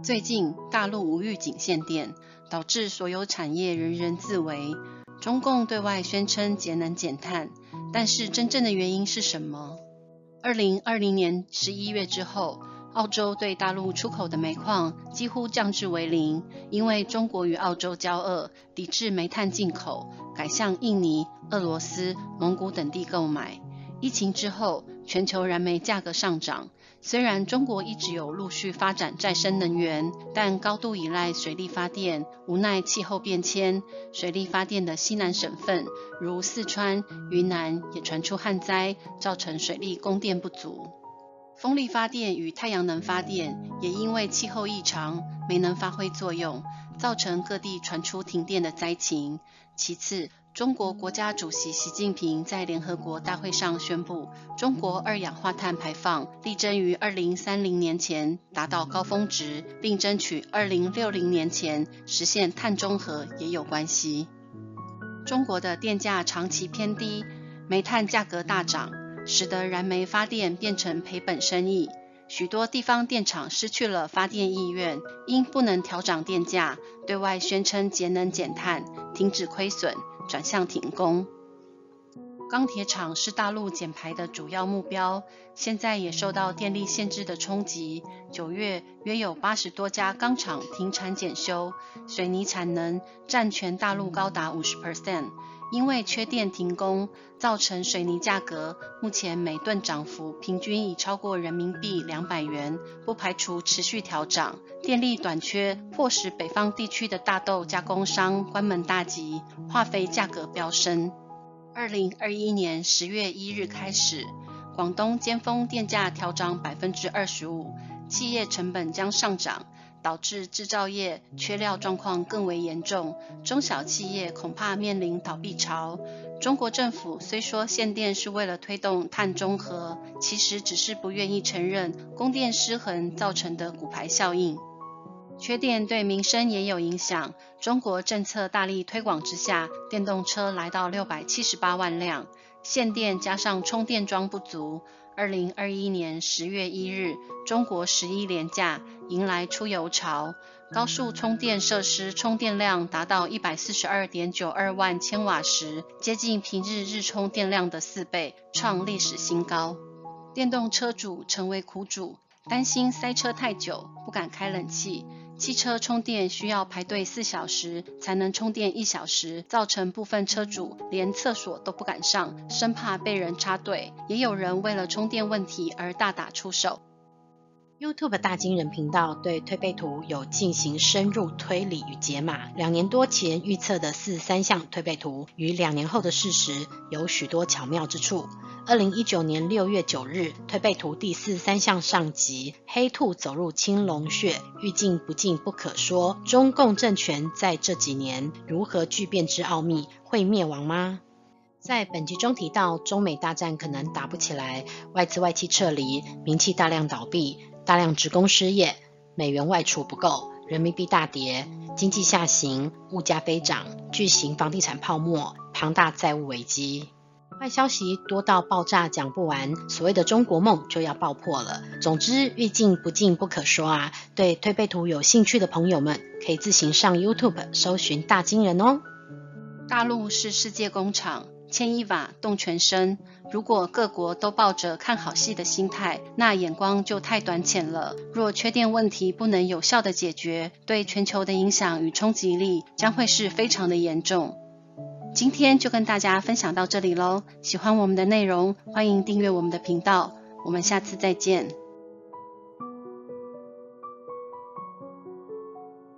最近大陸無預警限電，導致所有產業人人自危。中共對外宣稱節能減碳，但是真正的原因是什麼？二零二零年十一月之後，澳洲對大陸出口的煤礦幾乎降至為零，因為中國與澳洲交惡，抵制煤炭進口，改向印尼、俄羅斯、蒙古等地購買。.疫情之後，全球燃煤價格上漲。雖然中國一直有陸續發展再生能源，但高度依賴水力發電，無奈氣候變遷，水力發電的西南省份如四川、雲南也傳出旱災，造成水力供電不足。風力發電與太陽能發電也因為氣候異常，沒能發揮作用，造成各地傳出停電的災情。其次，中國國家主席習近平在聯合國大會上宣佈，中國二氧化碳排放力爭於二零三零年前達到高峰值，並爭取二零六零年前實現碳中和也有關係。中國的電價長期偏低，煤炭價格大漲，使得燃煤發電變成賠本生意，許多地方電廠失去了發電意願，因不能調漲電價，對外宣稱節能減碳，停止虧損。轉向停工。鋼鐵廠是大陸減排的主要目標，現在也受到電力限制的衝擊。九月約有八十多家鋼廠停產檢修。水泥產能佔全大陸高達五十 percent，因為缺電停工，造成水泥價格目前每噸漲幅平均已超過人民幣兩百元，不排除持續調漲。電力短缺迫使北方地區的大豆加工商關門大吉，化肥價格飆升。二零二一年十月一日開始，廣東尖峰電價調漲百分之二十五，企業成本將上漲，導致製造業缺料狀況更為嚴重，中小企業恐怕面臨倒閉潮。中國政府雖說限電是為了推動碳中和，其實只是不願意承認供電失衡造成的骨牌效應。缺電對民生也有影響。中國政策大力推廣之下，電動車來到六百七十八萬輛。限電加上充電樁不足，二零二一年十月一日，中國十一連假迎來出遊潮，高速充電設施充電量達到一百四十二點九二萬千瓦時，接近平日日充電量的四倍，創歷史新高。電動車主成為苦主，擔心塞車太久，不敢開冷氣。汽車充電需要排隊四小時才能充電一小時，造成部分車主連廁所都不敢上，生怕被人插隊，也有人為了充電問題而大打出手。YouTube 大驚人頻道對推背圖有進行深入推理與解碼，兩年多前預測的四十三項推背圖與兩年後的事實有許多巧妙之處。二零一九年六月九日，推背圖第四三項上集，黑兔走入青龍穴，欲盡不盡不可說。中共政權在這幾年如何巨變之奧秘，會滅亡嗎？在本集中提到，中美大戰可能打不起來，外資外企撤離，名企大量倒閉。大量職工失業，美元外儲不夠，人民幣大跌，經濟下行，物價飛漲，巨型房地產泡沫，龐大債務危機，壞消息多到爆炸，講不完。所謂的中國夢就要爆破了。總之，欲進不進不可說啊。對推背圖有興趣的朋友們，可以自行上 YouTube 搜尋大金人哦。大陸是世界工廠。牽一發動全身。如果各國都抱着看好戲的心態，那眼光就太短淺了。若缺電問題不能有效的解決，對全球的影響與衝擊力將會是非常的嚴重。今天就跟大家分享到這裡嘍。喜歡我們的內容，歡迎訂閱我們的頻道。我們下次再見。